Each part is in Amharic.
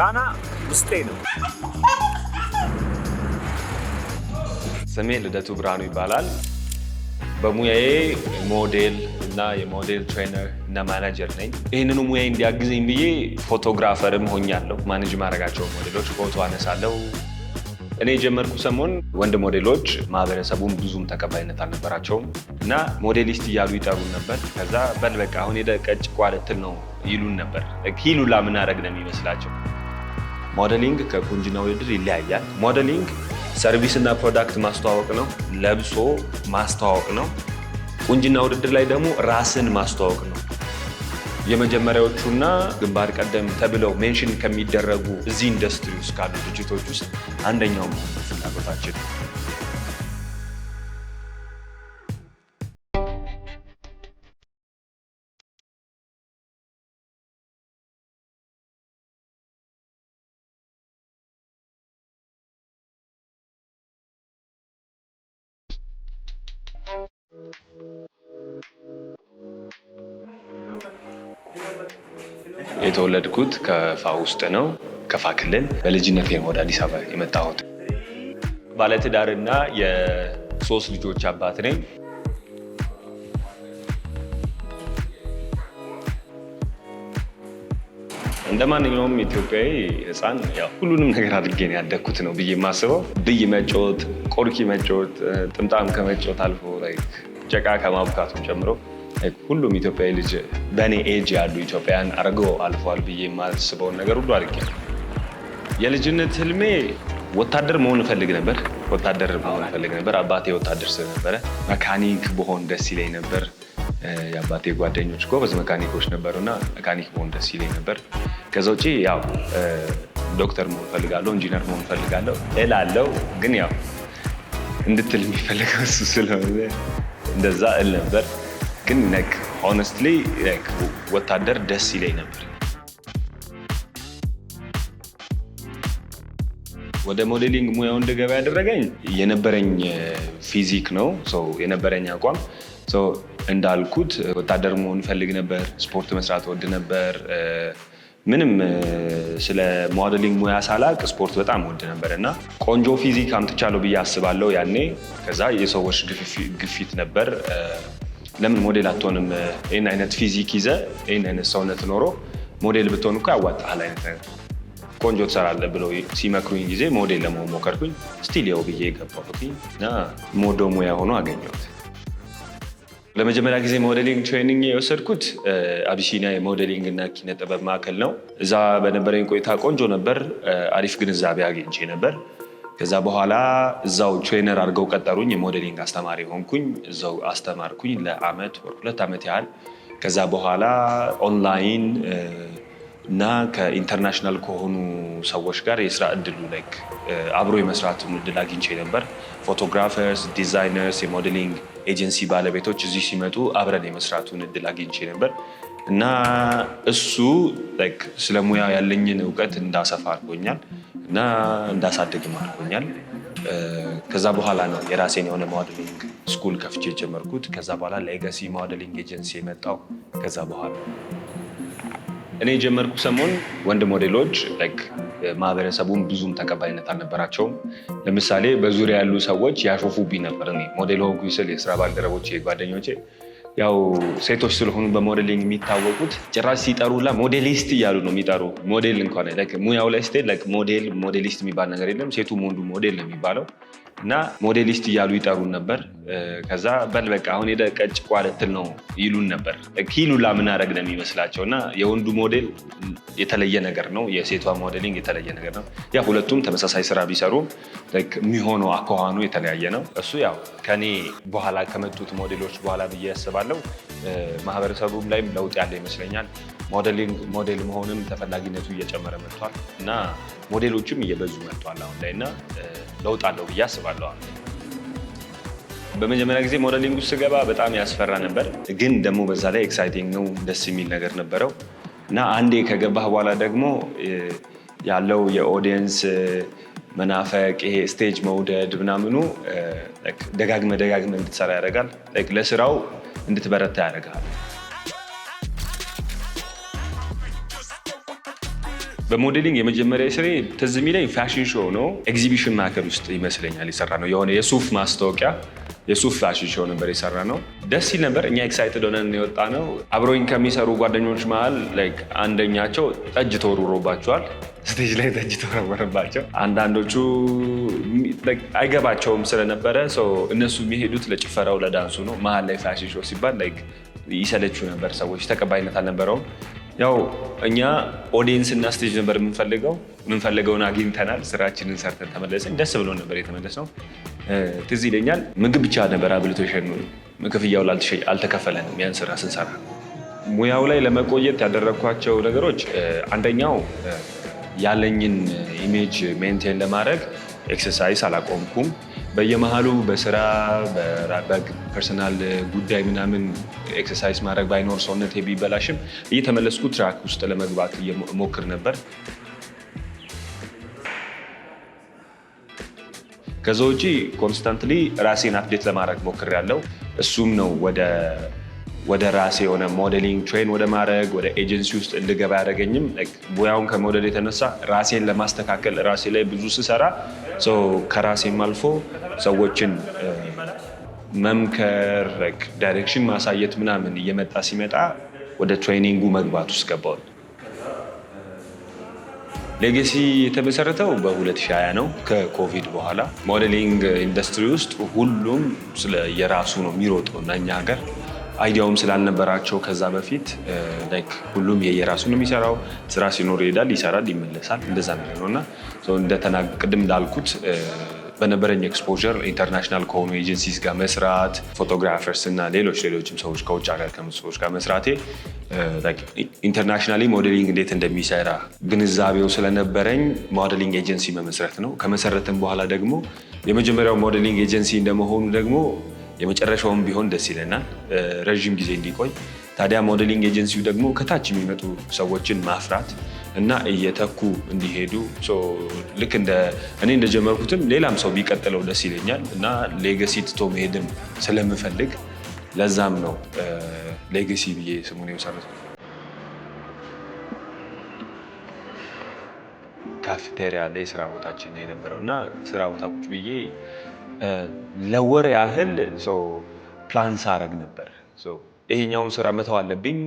ቃና ውስጤ ነው። ስሜ ልደቱ ብርሃኑ ይባላል። በሙያዬ ሞዴል እና የሞዴል ትሬነር እና ማናጀር ነኝ። ይህንኑ ሙያ እንዲያግዘኝ ብዬ ፎቶግራፈርም ሆኛለሁ። ማኔጅ ማድረጋቸው ሞዴሎች ፎቶ አነሳለሁ። እኔ የጀመርኩ ሰሞን ወንድ ሞዴሎች ማህበረሰቡን ብዙም ተቀባይነት አልነበራቸውም እና ሞዴሊስት እያሉ ይጠሩን ነበር። ከዛ በል በቃ አሁን ሄደ ቀጭ ቋልትል ነው ይሉን ነበር። ሂሉላ ምናረግ ነው የሚመስላቸው ሞዴሊንግ ከቁንጅና ውድድር ይለያያል። ሞዴሊንግ ሰርቪስ እና ፕሮዳክት ማስተዋወቅ ነው፣ ለብሶ ማስተዋወቅ ነው። ቁንጅና ውድድር ላይ ደግሞ ራስን ማስተዋወቅ ነው። የመጀመሪያዎቹና ግንባር ቀደም ተብለው ሜንሽን ከሚደረጉ እዚህ ኢንዱስትሪ ውስጥ ካሉ ድርጅቶች ውስጥ አንደኛው ፍላጎታችን ነው። የተወለድኩት ከፋ ውስጥ ነው፣ ከፋ ክልል። በልጅነት ወደ አዲስ አበባ የመጣሁት። ባለትዳርና የሶስት ልጆች አባት ነኝ። እንደ ማንኛውም ኢትዮጵያዊ ህፃን ሁሉንም ነገር አድርጌን ያደግኩት ነው ብዬ የማስበው ብይ መጫወት፣ ቆርኪ መጫወት፣ ጥምጣም ከመጫወት አልፎ ጨቃ ከማብካቱ ጨምሮ Eh, ሁሉም ኢትዮጵያዊ ልጅ በእኔ ኤጅ ያሉ ኢትዮጵያውያን አድርገው አልፏል ብዬ የማስበውን ነገር ሁሉ አድርጌ የልጅነት ህልሜ ወታደር መሆን እፈልግ ነበር። ወታደር መሆን እፈልግ ነበር። አባቴ ወታደር ስለነበረ መካኒክ በሆን ደስ ይለኝ ነበር። የአባቴ ጓደኞች ጎበዝ መካኒኮች ነበሩ እና መካኒክ በሆን ደስ ይለኝ ነበር። ከዛ ውጭ ያው ዶክተር መሆን እፈልጋለሁ፣ ኢንጂነር መሆን እፈልጋለሁ እላለሁ። ግን ያው እንድትል የሚፈልገው እሱ ስለሆነ እንደዛ እል ነበር። ግን ነክ ሆነስትሊ ወታደር ደስ ይለኝ ነበር። ወደ ሞዴሊንግ ሙያው እንደገባ ያደረገኝ የነበረኝ ፊዚክ ነው፣ የነበረኝ አቋም ሰው እንዳልኩት ወታደር መሆን ፈልግ ነበር። ስፖርት መስራት ወድ ነበር። ምንም ስለ ሞዴሊንግ ሙያ ሳላቅ ስፖርት በጣም ወድ ነበር እና ቆንጆ ፊዚክ አምጥቻለሁ ብዬ አስባለሁ ያኔ። ከዛ የሰዎች ግፊት ነበር ለምን ሞዴል አትሆንም? ይህን አይነት ፊዚክ ይዘ ይህን አይነት ሰውነት ኖሮ ሞዴል ብትሆን እኮ ያዋጣል አይነት ቆንጆ ትሰራለህ ብለው ሲመክሩኝ ጊዜ ሞዴል ለመሆን ሞከርኩኝ። ስቲል ያው ብዬ የገባሁኝ እና ሞዶ ሙያ ሆኖ አገኘሁት። ለመጀመሪያ ጊዜ ሞዴሊንግ ትሬኒንግ የወሰድኩት አቢሲኒያ የሞዴሊንግ እና ኪነ ጥበብ ማዕከል ነው። እዛ በነበረኝ ቆይታ ቆንጆ ነበር። አሪፍ ግንዛቤ አግኝቼ ነበር። ከዛ በኋላ እዛው ትሬነር አድርገው ቀጠሩኝ። የሞዴሊንግ አስተማሪ ሆንኩኝ። እዛው አስተማርኩኝ ለአመት ወር ሁለት ዓመት ያህል። ከዛ በኋላ ኦንላይን እና ከኢንተርናሽናል ከሆኑ ሰዎች ጋር የስራ እድሉ ላይክ አብሮ የመስራትን እድል አግኝቼ ነበር። ፎቶግራፈርስ፣ ዲዛይነርስ፣ የሞዴሊንግ ኤጀንሲ ባለቤቶች እዚህ ሲመጡ አብረን የመስራቱን እድል አግኝቼ ነበር እና እሱ ስለ ሙያ ያለኝን እውቀት እንዳሰፋ አድርጎኛል። እና እንዳሳድግ አድርጎኛል። ከዛ በኋላ ነው የራሴን የሆነ ሞዴሊንግ ስኩል ከፍቼ የጀመርኩት። ከዛ በኋላ ሌጋሲ ሞዴሊንግ ኤጀንሲ የመጣው ከዛ በኋላ እኔ የጀመርኩ ሰሞን ወንድ ሞዴሎች ማህበረሰቡን ብዙም ተቀባይነት አልነበራቸውም። ለምሳሌ በዙሪያ ያሉ ሰዎች ያሾፉብኝ ነበር። ሞዴል ሆንኩኝ ስል የስራ ባልደረቦች፣ ጓደኞቼ ያው ሴቶች ስለሆኑ በሞዴሊንግ የሚታወቁት ጭራሽ ሲጠሩ ላ ሞዴሊስት እያሉ ነው የሚጠሩ። ሞዴል እንኳን ሙያው ላይ ስትሄድ ሞዴል ሞዴሊስት የሚባል ነገር የለም። ሴቱም ወንዱ ሞዴል ነው የሚባለው። እና ሞዴሊስት እያሉ ይጠሩን ነበር። ከዛ በል በቃ አሁን ሄደ ቀጭ ቋልትል ነው ይሉን ነበር። ኪሉላ ምናደርግ ነው የሚመስላቸው እና የወንዱ ሞዴል የተለየ ነገር ነው፣ የሴቷ ሞዴሊንግ የተለየ ነገር ነው። ያ ሁለቱም ተመሳሳይ ስራ ቢሰሩም የሚሆነው አኳኋኑ የተለያየ ነው። እሱ ያው ከኔ በኋላ ከመጡት ሞዴሎች በኋላ ብዬ ያስባለው ማህበረሰቡም ላይም ለውጥ ያለ ይመስለኛል። ሞዴል መሆንም ተፈላጊነቱ እየጨመረ መጥቷል እና ሞዴሎቹም እየበዙ መጥቷል አሁን ላይ እና ለውጥ አለው ብዬ አስባለሁ። በመጀመሪያ ጊዜ ሞዴሊንግ ውስጥ ስገባ በጣም ያስፈራ ነበር፣ ግን ደግሞ በዛ ላይ ኤክሳይቲንግ ነው፣ ደስ የሚል ነገር ነበረው እና አንዴ ከገባህ በኋላ ደግሞ ያለው የኦዲየንስ መናፈቅ ይሄ ስቴጅ መውደድ ምናምኑ ደጋግመ ደጋግመ እንድትሰራ ያደርጋል። ለስራው እንድትበረታ ያደርጋል። በሞዴሊንግ የመጀመሪያ ስሬ ትዝ የሚለኝ ፋሽን ሾው ነው። ኤግዚቢሽን ማዕከል ውስጥ ይመስለኛል የሰራ ነው። የሆነ የሱፍ ማስታወቂያ የሱፍ ፋሽን ሾው ነበር የሰራ ነው። ደስ ሲል ነበር። እኛ ኤክሳይትድ ሆነን የወጣ ነው። አብሮኝ ከሚሰሩ ጓደኞች መሀል አንደኛቸው ጠጅ ተወርውሮባቸዋል። ስቴጅ ላይ ጠጅ ተወረወረባቸው። አንዳንዶቹ አይገባቸውም ስለነበረ እነሱ የሚሄዱት ለጭፈራው ለዳንሱ ነው። መሀል ላይ ፋሽን ሾው ሲባል ይሰለቹ ነበር ሰዎች፣ ተቀባይነት አልነበረውም። ያው እኛ ኦዲየንስ እና ስቴጅ ነበር የምንፈልገው። የምንፈልገውን አግኝተናል። ስራችንን ሰርተን ተመለስን። ደስ ብሎ ነበር የተመለስነው። ትዝ ይለኛል ምግብ ብቻ ነበር አብልቶ ይሸኑ ክፍያው አልተከፈለንም። ያን ስራ ስንሰራ ሙያው ላይ ለመቆየት ያደረግኳቸው ነገሮች አንደኛው ያለኝን ኢሜጅ ሜንቴን ለማድረግ ኤክሰርሳይዝ አላቆምኩም። በየመሃሉ በስራ በፐርሰናል ጉዳይ ምናምን ኤክሰርሳይዝ ማድረግ ባይኖር ሰውነት ቢበላሽም እየተመለስኩ ትራክ ውስጥ ለመግባት ሞክር ነበር። ከዛ ውጪ ኮንስታንትሊ ራሴን አፕዴት ለማድረግ ሞክር ያለው እሱም ነው ወደ ወደ ራሴ የሆነ ሞዴሊንግ ትሬን ወደ ማድረግ ወደ ኤጀንሲ ውስጥ እንድገባ ያደረገኝም ሙያውን ከመውደድ የተነሳ ራሴን ለማስተካከል ራሴ ላይ ብዙ ስሰራ ከራሴም አልፎ ሰዎችን uh, መምከር፣ ዳይሬክሽን ማሳየት ምናምን እየመጣ ሲመጣ ወደ ትሬኒንጉ መግባት ውስጥ ገባሁኝ። ሌጌሲ የተመሰረተው በ2020 ነው። ከኮቪድ በኋላ ሞዴሊንግ ኢንዱስትሪ ውስጥ ሁሉም ስለየራሱ ነው የሚሮጠው እና እኛ ሀገር አይዲያውም ስላልነበራቸው ከዛ በፊት ላይክ ሁሉም ነው የሚሰራው ስራ ሲኖር ይሄዳል፣ ይሰራል፣ ይመለሳል እንደዛ ነገር ነው እና ቅድም እንዳልኩት በነበረኝ ኤክስፖዠር ኢንተርናሽናል ከሆኑ ኤጀንሲስ ጋር መስራት ፎቶግራፈርስ እና ሌሎች ሌሎችም ሰዎች ከውጭ ሀገር ከመጡ ሰዎች ጋር መስራቴ ኢንተርናሽናሊ ሞዴሊንግ እንዴት እንደሚሰራ ግንዛቤው ስለነበረኝ ሞዴሊንግ ኤጀንሲ መመስረት ነው። ከመሰረትም በኋላ ደግሞ የመጀመሪያው ሞዴሊንግ ኤጀንሲ እንደመሆኑ ደግሞ የመጨረሻውም ቢሆን ደስ ይለናል፣ ረዥም ጊዜ እንዲቆይ። ታዲያ ሞዴሊንግ ኤጀንሲው ደግሞ ከታች የሚመጡ ሰዎችን ማፍራት እና እየተኩ እንዲሄዱ ልክ እኔ እንደጀመርኩትም ሌላም ሰው ቢቀጥለው ደስ ይለኛል እና ሌገሲ ትቶ መሄድም ስለምፈልግ ለዛም ነው ሌገሲ ብዬ ስሙን የመሰረት ነው። ካፍቴሪያ ላይ ስራ ቦታችን የነበረው እና ስራ ቦታ ቁጭ ብዬ ለወር ያህል ፕላን ሳደርግ ነበር። ይሄኛውን ስራ መተው አለብኝ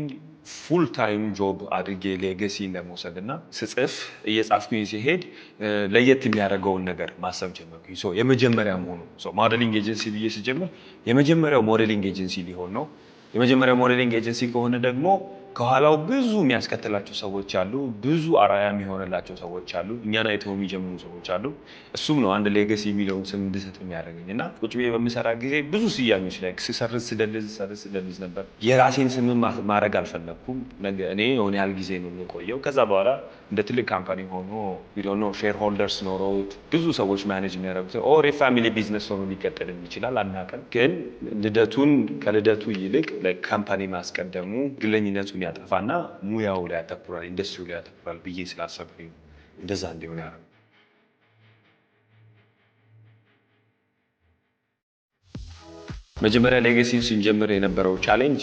ፉል ታይም ጆብ አድርጌ ሌገሲን ለመውሰድ እና ስጽፍ እየጻፍኩኝ ሲሄድ ለየት የሚያደርገውን ነገር ማሰብ ጀመርኩኝ። የመጀመሪያ መሆኑ ሞዴሊንግ ኤጀንሲ ብዬ ስጀምር የመጀመሪያው ሞዴሊንግ ኤጀንሲ ሊሆን ነው። የመጀመሪያው ሞዴሊንግ ኤጀንሲ ከሆነ ደግሞ ከኋላው ብዙ የሚያስከትላቸው ሰዎች አሉ። ብዙ አራያ የሚሆንላቸው ሰዎች አሉ። እኛን አይተው የሚጀምሩ ሰዎች አሉ። እሱም ነው አንድ ሌገሲ የሚለውን ስም እንድሰጥ የሚያደርገኝ እና ቁጭ ብዬ በምሰራ ጊዜ ብዙ ስያሜዎች ላይ ስሰርዝ ስደልዝ ሰርዝ ስደልዝ ነበር። የራሴን ስም ማድረግ አልፈለግኩም። ነገ እኔ የሆነ ያህል ጊዜ ነው የምቆየው። ከዛ በኋላ እንደ ትልቅ ካምፓኒ ሆኖ ቢሆኖ ሼር ሆልደርስ ኖረውት ብዙ ሰዎች ማኔጅ የሚያደርጉት ኦር የፋሚሊ ቢዝነስ ሆኖ ሊቀጥል ይችላል አናውቅም። ግን ልደቱን ከልደቱ ይልቅ ካምፓኒ ማስቀደሙ ግለኝነቱ እና ሙያው ላይ ያተኩራል፣ ኢንዱስትሪው ላይ ያተኩራል ብዬ ስላሰብ እንደዛ እንዲሆን ያደረገው። መጀመሪያ ሌጋሲን ስንጀምር የነበረው ቻሌንጅ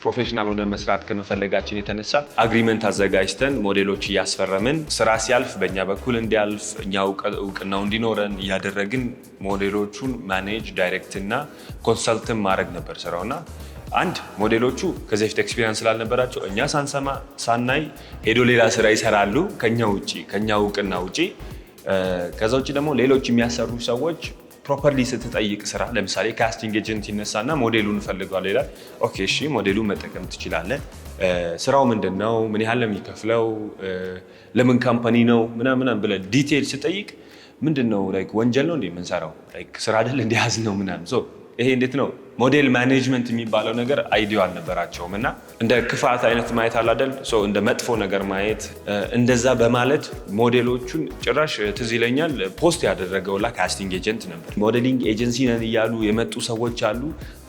ፕሮፌሽናል ሆነ መስራት ከመፈለጋችን የተነሳ አግሪመንት አዘጋጅተን ሞዴሎች እያስፈረምን ስራ ሲያልፍ በእኛ በኩል እንዲያልፍ እኛ እውቅናው እንዲኖረን እያደረግን ሞዴሎቹን ማኔጅ ዳይሬክትና ኮንሰልትን ማድረግ ነበር ስራውና አንድ ሞዴሎቹ ከዚህ በፊት ኤክስፒሪንስ ስላልነበራቸው እኛ ሳንሰማ ሳናይ ሄዶ ሌላ ስራ ይሰራሉ ከኛ ውጭ ከኛ እውቅና ውጭ። ከዛ ውጭ ደግሞ ሌሎች የሚያሰሩ ሰዎች ፕሮፐርሊ ስትጠይቅ ስራ ለምሳሌ ካስቲንግ ኤጀንት ይነሳና ሞዴሉን እፈልገዋለሁ ይላል። ኦኬ እሺ፣ ሞዴሉን መጠቀም ትችላለህ። ስራው ምንድን ነው? ምን ያህል ነው የሚከፍለው? ለምን ካምፓኒ ነው? ምናምናም ብለህ ዲቴል ስጠይቅ ምንድን ነው ወንጀል ነው እንደ የምንሰራው ስራ አይደል እንዲያዝ ነው ምናምን ይሄ እንዴት ነው ሞዴል ማኔጅመንት የሚባለው ነገር አይዲዮ አልነበራቸውም እና እንደ ክፋት አይነት ማየት አላደል እንደ መጥፎ ነገር ማየት እንደዛ በማለት ሞዴሎቹን ጭራሽ ትዝ ይለኛል ፖስት ያደረገው ላ ካስቲንግ ኤጀንት ነበር። ሞዴሊንግ ኤጀንሲ ነን እያሉ የመጡ ሰዎች አሉ፣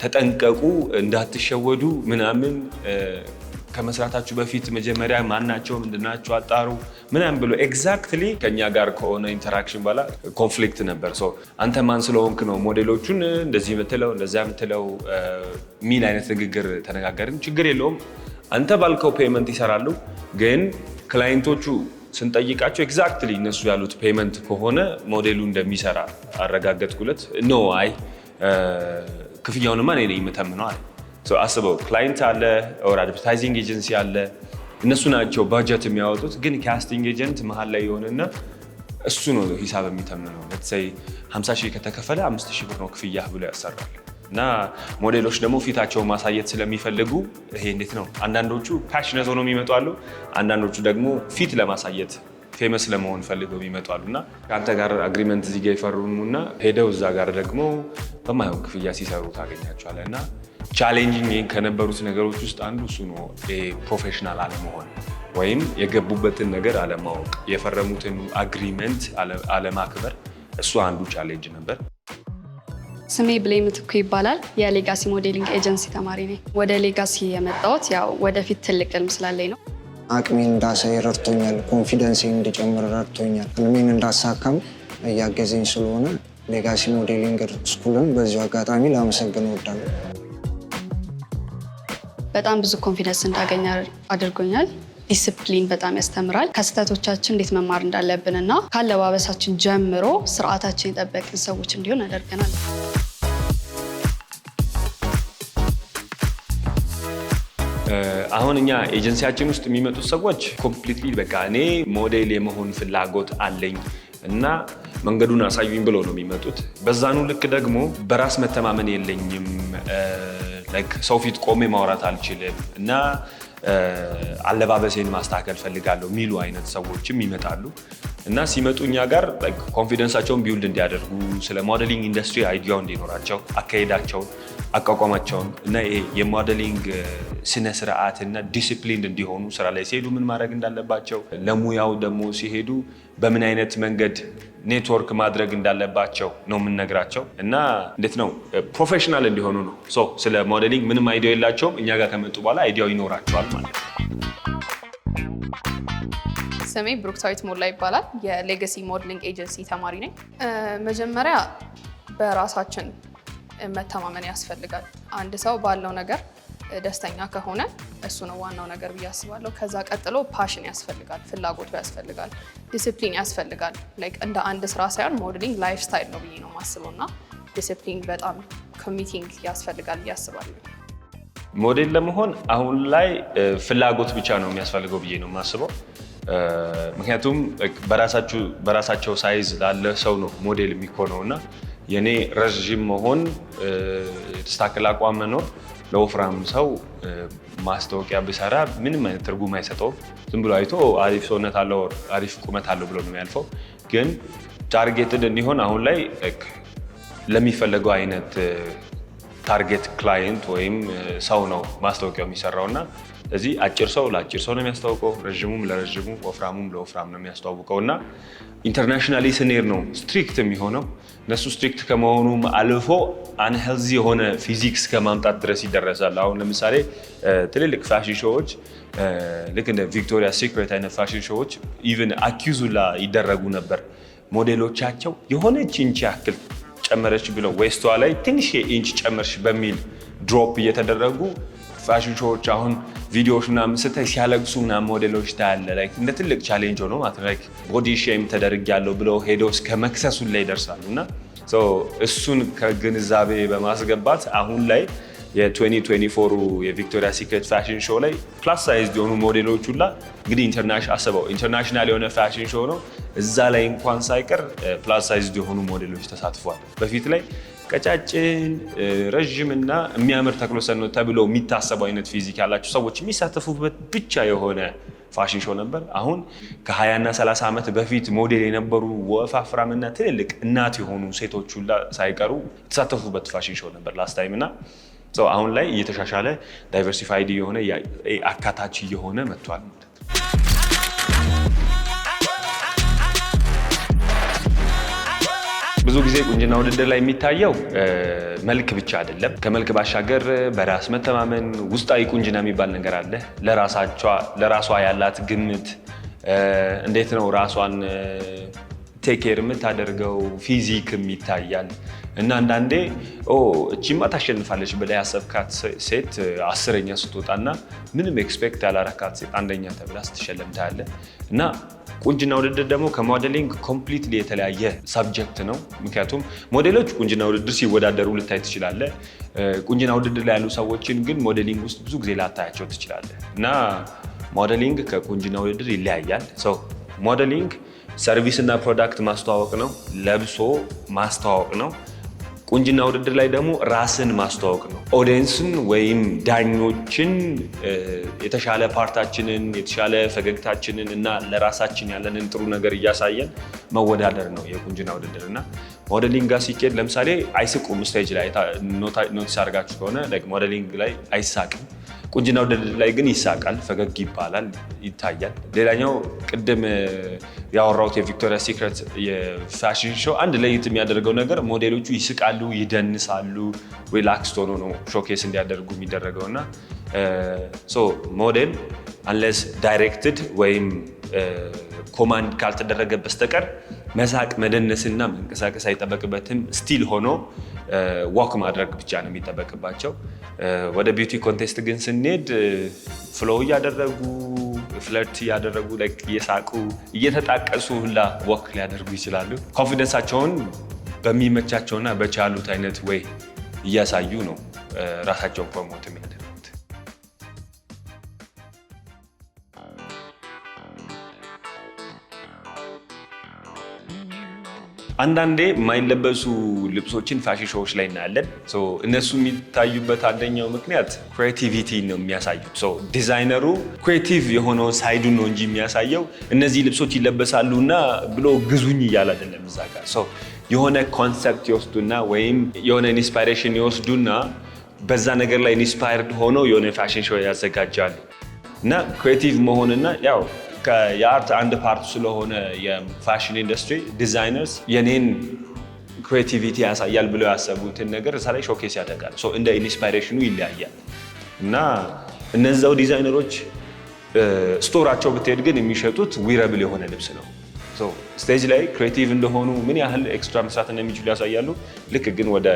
ተጠንቀቁ እንዳትሸወዱ ምናምን ከመስራታችሁ በፊት መጀመሪያ ማናቸው ምንድናቸው አጣሩ ምናምን ብሎ ኤግዛክትሊ ከኛ ጋር ከሆነ ኢንተራክሽን በኋላ ኮንፍሊክት ነበር። አንተ ማን ስለሆንክ ነው ሞዴሎቹን እንደዚህ የምትለው እንደዚያ የምትለው ሚል አይነት ንግግር ተነጋገርን። ችግር የለውም አንተ ባልከው ፔመንት ይሰራሉ፣ ግን ክላይንቶቹ ስንጠይቃቸው ኤግዛክትሊ እነሱ ያሉት ፔመንት ከሆነ ሞዴሉ እንደሚሰራ አረጋገጥኩለት። ኖ አይ ክፍያውንማ እኔ ነኝ የምተምነው አለ። አስበው ክላይንት አለ ኦር አድቨርታይዚንግ ኤጀንሲ አለ። እነሱ ናቸው ባጀት የሚያወጡት። ግን ካስቲንግ ኤጀንት መሀል ላይ የሆነና እሱ ነው ሂሳብ የሚተምነው። ለተሰይ 50 ሺህ ከተከፈለ 5 ሺህ ብር ነው ክፍያህ ብሎ ያሰራል። እና ሞዴሎች ደግሞ ፊታቸውን ማሳየት ስለሚፈልጉ ይሄ እንዴት ነው አንዳንዶቹ ፓሽነት ሆነው የሚመጡ አሉ። አንዳንዶቹ ደግሞ ፊት ለማሳየት ፌመስ ለመሆን ፈልገው የሚመጡ አሉ። እና ከአንተ ጋር አግሪመንት እዚህ ጋ ይፈርሙና ሄደው እዛ ጋር ደግሞ በማይሆን ክፍያ ሲሰሩ ታገኛቸዋለ። እና ቻሌንጂንግ ከነበሩት ነገሮች ውስጥ አንዱ እሱ ነው። ፕሮፌሽናል አለመሆን ወይም የገቡበትን ነገር አለማወቅ፣ የፈረሙትን አግሪመንት አለማክበር፣ እሱ አንዱ ቻሌንጅ ነበር። ስሜ ብሌ ምትኩ ይባላል። የሌጋሲ ሞዴሊንግ ኤጀንሲ ተማሪ ነኝ። ወደ ሌጋሲ የመጣሁት ያው ወደፊት ትልቅ ህልም ስላለኝ ነው። አቅሜን እንዳሳይ ረድቶኛል። ኮንፊደንስ እንዲጨምር ረድቶኛል። ህልሜን እንዳሳካም እያገዘኝ ስለሆነ ሌጋሲ ሞዴሊንግ ስኩልን በዚሁ አጋጣሚ ላመሰግን እወዳለሁ። በጣም ብዙ ኮንፊደንስ እንዳገኝ አድርጎኛል። ዲስፕሊን በጣም ያስተምራል። ከስህተቶቻችን እንዴት መማር እንዳለብን እና ከአለባበሳችን ጀምሮ ስርዓታችን የጠበቅን ሰዎች እንዲሆን ያደርገናል። አሁን እኛ ኤጀንሲያችን ውስጥ የሚመጡት ሰዎች ኮምፕሊትሊ በቃ እኔ ሞዴል የመሆን ፍላጎት አለኝ እና መንገዱን አሳዩኝ ብለው ነው የሚመጡት። በዛኑ ልክ ደግሞ በራስ መተማመን የለኝም ሰው ፊት ቆሜ ማውራት አልችልም እና አለባበሴን ማስተካከል ፈልጋለሁ የሚሉ አይነት ሰዎችም ይመጣሉ እና ሲመጡ እኛ ጋር ኮንፊደንሳቸውን ቢውልድ እንዲያደርጉ ስለ ሞዴሊንግ ኢንዱስትሪ አይዲያው እንዲኖራቸው አካሄዳቸውን፣ አቋቋማቸውን እና ይሄ የሞዴሊንግ ስነ ስርዓት እና ዲሲፕሊን እንዲሆኑ ስራ ላይ ሲሄዱ ምን ማድረግ እንዳለባቸው፣ ለሙያው ደግሞ ሲሄዱ በምን አይነት መንገድ ኔትወርክ ማድረግ እንዳለባቸው ነው የምንነግራቸው እና እንዴት ነው ፕሮፌሽናል እንዲሆኑ ነው። ሶ ስለ ሞዴሊንግ ምንም አይዲያው የላቸውም። እኛ ጋር ከመጡ በኋላ አይዲያው ይኖራቸዋል ማለት ነው። ስሜ ብሩክታዊት ሞላ ይባላል። የሌጋሲ ሞዴሊንግ ኤጀንሲ ተማሪ ነኝ። መጀመሪያ በራሳችን መተማመን ያስፈልጋል። አንድ ሰው ባለው ነገር ደስተኛ ከሆነ እሱ ነው ዋናው ነገር ብዬ አስባለሁ። ከዛ ቀጥሎ ፓሽን ያስፈልጋል፣ ፍላጎቱ ያስፈልጋል፣ ዲስፕሊን ያስፈልጋል። ላይክ እንደ አንድ ስራ ሳይሆን ሞዴሊንግ ላይፍ ስታይል ነው ብዬ ነው የማስበው እና ዲስፕሊን በጣም ኮሚቲንግ ያስፈልጋል ብዬ አስባለሁ። ሞዴል ለመሆን አሁን ላይ ፍላጎት ብቻ ነው የሚያስፈልገው ብዬ ነው የማስበው። ምክንያቱም በራሳቸው ሳይዝ ላለ ሰው ነው ሞዴል የሚኮነው እና የኔ ረዥም መሆን የተስተካከለ አቋም መኖር ለወፍራም ሰው ማስታወቂያ ብሰራ ምንም አይነት ትርጉም አይሰጠውም። ዝም ብሎ አይቶ አሪፍ ሰውነት አለው አሪፍ ቁመት አለው ብሎ ነው የሚያልፈው። ግን ታርጌትድ እንዲሆን አሁን ላይ ለሚፈለገው አይነት ታርጌት ክላይንት ወይም ሰው ነው ማስታወቂያው የሚሰራው እና ስለዚህ አጭር ሰው ለአጭር ሰው ነው የሚያስተዋውቀው፣ ረዥሙም ለረዥሙ፣ ወፍራሙም ለወፍራም ነው የሚያስተዋውቀው እና ኢንተርናሽናሊ ስኔር ነው ስትሪክት የሚሆነው። እነሱ ስትሪክት ከመሆኑም አልፎ አንሄልዚ የሆነ ፊዚክስ ከማምጣት ድረስ ይደረሳል። አሁን ለምሳሌ ትልልቅ ፋሽን ሾዎች ልክ እንደ ቪክቶሪያ ሴክሬት አይነት ፋሽን ሾዎች ኢቨን አኪዙላ ይደረጉ ነበር። ሞዴሎቻቸው የሆነች ኢንች ያክል ጨመረች ብለው ዌስቷ ላይ ትንሽ ኢንች ጨመርሽ በሚል ድሮፕ እየተደረጉ ፋሽን ሾዎች አሁን ቪዲዮዎች ምናምን ስታይ ሲያለቅሱ ምናምን ሞዴሎች ታያለ። እንደ ትልቅ ቻሌንጅ ሆኖ ማለት ላይክ ቦዲ ሼም ተደርግ ያለው ብለው ሄደው እስከ መክሰሱን ላይ ይደርሳሉ እና እሱን ከግንዛቤ በማስገባት አሁን ላይ የ2024 የቪክቶሪያ ሲክሬት ፋሽን ሾው ላይ ፕላስ ሳይዝ የሆኑ ሞዴሎች ሁላ እንግዲህ ኢንተርናሽናል አስበው ኢንተርናሽናል የሆነ ፋሽን ሾው ነው። እዛ ላይ እንኳን ሳይቀር ፕላስ uh, ሳይዝ የሆኑ ሞዴሎች ተሳትፏል። በፊት ላይ ቀጫጭን እና የሚያምር ተክሎሰን ነው ተብሎ የሚታሰቡ አይነት ፊዚክ ያላቸው ሰዎች የሚሳተፉበት ብቻ የሆነ ፋሽን ሾው ነበር። አሁን ከ 20 እና 30 ዓመት በፊት ሞዴል የነበሩ እና ትልልቅ እናት የሆኑ ሴቶች ሁላ ሳይቀሩ የተሳተፉበት ፋሽን ሾው ነበር ላስት ታይም እና አሁን ላይ እየተሻሻለ ዳይቨርሲፋይድ የሆነ አካታች እየሆነ መጥቷል ማለት ነው። ብዙ ጊዜ ቁንጅና ውድድር ላይ የሚታየው መልክ ብቻ አይደለም። ከመልክ ባሻገር በራስ መተማመን፣ ውስጣዊ ቁንጅና የሚባል ነገር አለ። ለራሷ ያላት ግምት እንዴት ነው ራሷን ቴኬር የምታደርገው ፊዚክም ይታያል። እና አንዳንዴ እቺማ ታሸንፋለች ብላ ያሰብካት ሴት አስረኛ ስትወጣና ምንም ኤክስፔክት ያላረካት ሴት አንደኛ ተብላ ስትሸለም ታያለ እና ቁንጅና ውድድር ደግሞ ከሞዴሊንግ ኮምፕሊት የተለያየ ሳብጀክት ነው። ምክንያቱም ሞዴሎች ቁንጅና ውድድር ሲወዳደሩ ልታይ ትችላለህ። ቁንጅና ውድድር ላይ ያሉ ሰዎችን ግን ሞዴሊንግ ውስጥ ብዙ ጊዜ ላታያቸው ትችላለህ። እና ሞዴሊንግ ከቁንጅና ውድድር ይለያያል። ሞዴሊንግ ሰርቪስ እና ፕሮዳክት ማስተዋወቅ ነው፣ ለብሶ ማስተዋወቅ ነው። ቁንጅና ውድድር ላይ ደግሞ ራስን ማስተዋወቅ ነው። ኦዲየንስን ወይም ዳኞችን የተሻለ ፓርታችንን የተሻለ ፈገግታችንን እና ለራሳችን ያለንን ጥሩ ነገር እያሳየን መወዳደር ነው የቁንጅና ውድድር እና ሞዴሊንግ ጋር ሲኬድ ለምሳሌ አይስቁም ስቴጅ ላይ ኖቲስ አድርጋችሁ ከሆነ ሞዴሊንግ ላይ አይሳቅም። ቁንጅና ውድድር ላይ ግን ይሳቃል፣ ፈገግ ይባላል፣ ይታያል። ሌላኛው ቅድም ያወራሁት የቪክቶሪያ ሲክረት የፋሽን ሾው አንድ ለየት የሚያደርገው ነገር ሞዴሎቹ ይስቃሉ፣ ይደንሳሉ፣ ሪላክስድ ሆኖ ነው ሾኬስ እንዲያደርጉ የሚደረገው እና ሞዴል አንለስ ዳይሬክትድ ወይም ኮማንድ ካልተደረገ በስተቀር መሳቅ መደነስና መንቀሳቀስ አይጠበቅበትም። ስቲል ሆኖ ዋክ ማድረግ ብቻ ነው የሚጠበቅባቸው። ወደ ቢዩቲ ኮንቴስት ግን ስንሄድ ፍሎው እያደረጉ ፍለርት እያደረጉ እየሳቁ እየተጣቀሱ ሁላ ወክ ሊያደርጉ ይችላሉ። ኮንፊደንሳቸውን በሚመቻቸውና በቻሉት አይነት ወይ እያሳዩ ነው ራሳቸውን ፕሮሞት አንዳንዴ የማይለበሱ ልብሶችን ፋሽን ሾዎች ላይ እናያለን። እነሱ የሚታዩበት አንደኛው ምክንያት ክሬቲቪቲ ነው የሚያሳዩት። ዲዛይነሩ ክሬቲቭ የሆነው ሳይዱ ነው እንጂ የሚያሳየው እነዚህ ልብሶች ይለበሳሉ እና ብሎ ግዙኝ እያለ አይደለም። እዛ ጋር የሆነ ኮንሰፕት ይወስዱና ወይም የሆነ ኢንስፓይሬሽን ይወስዱና በዛ ነገር ላይ ኢንስፓየርድ ሆነው የሆነ ፋሽን ሾ ያዘጋጃሉ እና ክሬቲቭ መሆንና ያው የአርት አንድ ፓርት ስለሆነ የፋሽን ኢንዱስትሪ ዲዛይነርስ የኔን ክሬቲቪቲ ያሳያል ብለው ያሰቡትን ነገር እዛ ላይ ሾኬስ ያደርጋል። እንደ ኢንስፓይሬሽኑ ይለያያል እና እነዛው ዲዛይነሮች ስቶራቸው ብትሄድ ግን የሚሸጡት ዊረብል የሆነ ልብስ ነው። ስቴጅ ላይ ክሬቲቭ እንደሆኑ ምን ያህል ኤክስትራ መስራት እንደሚችሉ ያሳያሉ። ልክ ግን ወደ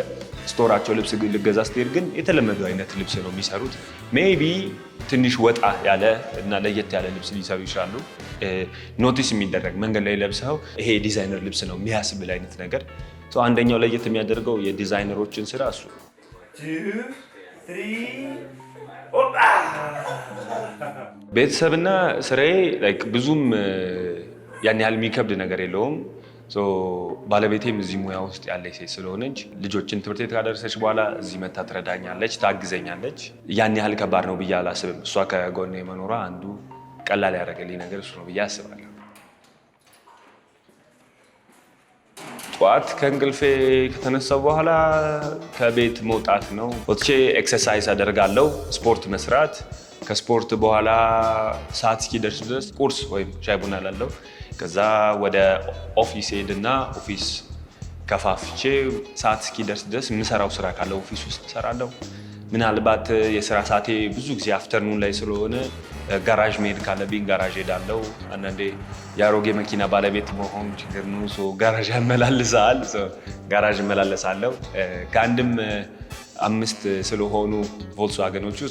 ስቶራቸው ልብስ ልገዛ ስትሄድ ግን የተለመደው አይነት ልብስ ነው የሚሰሩት። ሜይቢ ትንሽ ወጣ ያለ እና ለየት ያለ ልብስ ሊሰሩ ይችላሉ። ኖቲስ የሚደረግ መንገድ ላይ ለብሰው ይሄ የዲዛይነር ልብስ ነው የሚያስብል አይነት ነገር። አንደኛው ለየት የሚያደርገው የዲዛይነሮችን ስራ እሱ ah! ቤተሰብና ስራዬ ብዙም ያን ያህል የሚከብድ ነገር የለውም። ባለቤቴም እዚህ ሙያ ውስጥ ያለች ሴት ስለሆነች ልጆችን ትምህርት ቤት ካደረሰች በኋላ እዚህ መታ ትረዳኛለች፣ ታግዘኛለች። ያን ያህል ከባድ ነው ብዬ አላስብም። እሷ ከጎን መኖሯ አንዱ ቀላል ያደረገልኝ ነገር እሱ ነው ብዬ አስባለሁ። ጠዋት ከእንቅልፌ ከተነሳው በኋላ ከቤት መውጣት ነው። ወጥቼ ኤክሰርሳይዝ አደርጋለሁ፣ ስፖርት መስራት። ከስፖርት በኋላ ሰዓት እስኪደርስ ድረስ ቁርስ ወይም ሻይ ቡና ላለው ከዛ ወደ ኦፊስ ሄድና ኦፊስ ከፋፍቼ ሰዓት እስኪደርስ ድረስ የምሰራው ስራ ካለ ኦፊስ ውስጥ እሰራለሁ። ምናልባት የስራ ሰዓቴ ብዙ ጊዜ አፍተርኑን ላይ ስለሆነ ጋራዥ መሄድ ካለብኝ ጋራዥ ሄዳለሁ። አንዳንዴ የአሮጌ መኪና ባለቤት መሆን ችግር ነው። ጋራዥ ያመላልሳል፣ ጋራዥ እመላለሳለሁ። ከአንድም አምስት ስለሆኑ ቮልክስዋገኖቹ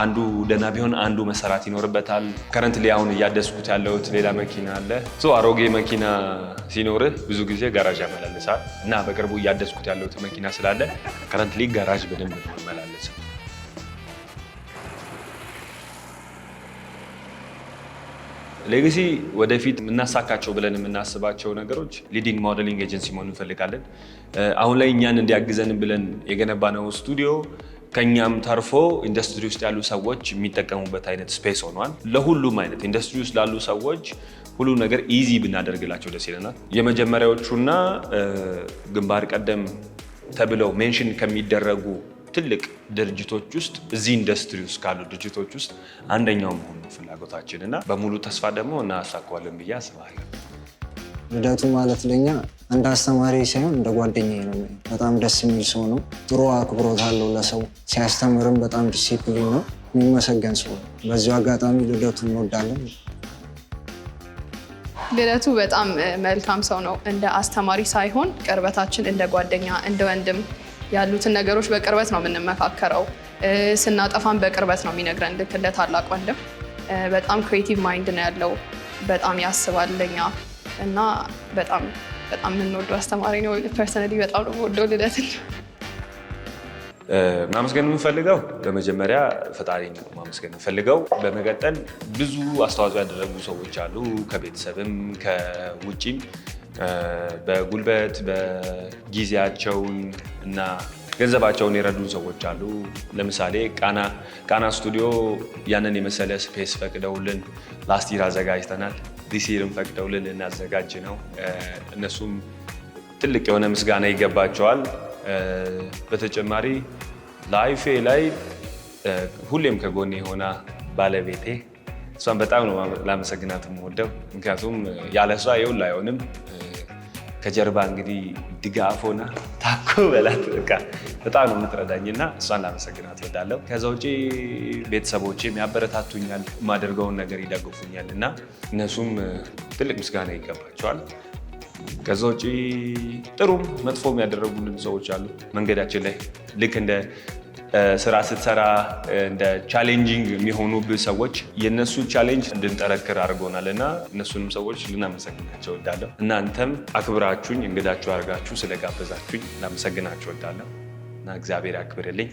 አንዱ ደህና ቢሆን አንዱ መሰራት ይኖርበታል። ከረንት ላይ አሁን እያደስኩት ያለሁት ሌላ መኪና አለ። አሮጌ መኪና ሲኖርህ ብዙ ጊዜ ጋራዥ ያመላልሳል እና በቅርቡ እያደስኩት ያለሁት መኪና ስላለ ከረንት ላይ ጋራዥ በደንብ ነው ሌጋሲ ወደፊት የምናሳካቸው ብለን የምናስባቸው ነገሮች ሊዲንግ ሞዴሊንግ ኤጀንሲ መሆን እንፈልጋለን። አሁን ላይ እኛን እንዲያግዘን ብለን የገነባነው ስቱዲዮ ከኛም ተርፎ ኢንዱስትሪ ውስጥ ያሉ ሰዎች የሚጠቀሙበት አይነት ስፔስ ሆኗል። ለሁሉም አይነት ኢንዱስትሪ ውስጥ ላሉ ሰዎች ሁሉ ነገር ኢዚ ብናደርግላቸው ደስ ይለናል። የመጀመሪያዎቹና ግንባር ቀደም ተብለው ሜንሽን ከሚደረጉ ትልቅ ድርጅቶች ውስጥ እዚህ ኢንዱስትሪ ውስጥ ካሉ ድርጅቶች ውስጥ አንደኛው መሆኑ ፍላጎታችን እና በሙሉ ተስፋ ደግሞ እናሳካዋለን ብዬ አስባለሁ። ልደቱ ማለት ለኛ እንደ አስተማሪ ሳይሆን እንደ ጓደኛ ነው። በጣም ደስ የሚል ሰው ነው። ጥሩ አክብሮት አለው ለሰው ሲያስተምርም በጣም ዲሲፕሊን ነው። የሚመሰገን ሰው ነው። በዚሁ አጋጣሚ ልደቱ እንወዳለን። ልደቱ በጣም መልካም ሰው ነው። እንደ አስተማሪ ሳይሆን ቅርበታችን እንደ ጓደኛ እንደ ወንድም ያሉትን ነገሮች በቅርበት ነው የምንመካከረው። ስናጠፋን በቅርበት ነው የሚነግረን፣ ልክ እንደ ታላቅ ወንድም። በጣም ክሬቲቭ ማይንድ ነው ያለው። በጣም ያስባል ለኛ እና በጣም በጣም የምንወደው አስተማሪ ነው። ፐርሰናሊ በጣም ነው የምወደው ልደትን። ማመስገን የምንፈልገው በመጀመሪያ ፈጣሪ ነው ማመስገን የምንፈልገው። በመቀጠል ብዙ አስተዋጽኦ ያደረጉ ሰዎች አሉ፣ ከቤተሰብም ከውጭም በጉልበት በጊዜያቸውን እና ገንዘባቸውን የረዱን ሰዎች አሉ። ለምሳሌ ቃና ቃና ስቱዲዮ ያንን የመሰለ ስፔስ ፈቅደውልን ላስቲር አዘጋጅተናል። ዲሲንም ፈቅደውልን ልናዘጋጅ ነው። እነሱም ትልቅ የሆነ ምስጋና ይገባቸዋል። በተጨማሪ ላይፌ ላይ ሁሌም ከጎኔ የሆና ባለቤቴ እሷን በጣም ነው ላመሰግናት የምወደው። ምክንያቱም ያለ እሷ የሁላ አይሆንም። ከጀርባ እንግዲህ ድጋፍ ሆና ታኮ በላት በቃ በጣም ነው የምትረዳኝ እና እሷን ላመሰግናት እወዳለሁ። ከዛ ውጭ ቤተሰቦቼ የሚያበረታቱኛል፣ የማደርገውን ነገር ይደግፉኛል እና እነሱም ትልቅ ምስጋና ይገባቸዋል። ከዛ ውጭ ጥሩም መጥፎም ያደረጉልን ሰዎች አሉ መንገዳችን ላይ ልክ እንደ ስራ ስትሰራ እንደ ቻሌንጂንግ የሚሆኑብህ ሰዎች የእነሱ ቻሌንጅ እንድንጠረክር አድርጎናል እና እነሱንም ሰዎች ልናመሰግናቸው እወዳለሁ። እናንተም አክብራችሁኝ እንግዳችሁ አድርጋችሁ ስለጋበዛችሁኝ ላመሰግናቸው እወዳለሁ እና እግዚአብሔር ያክብርልኝ።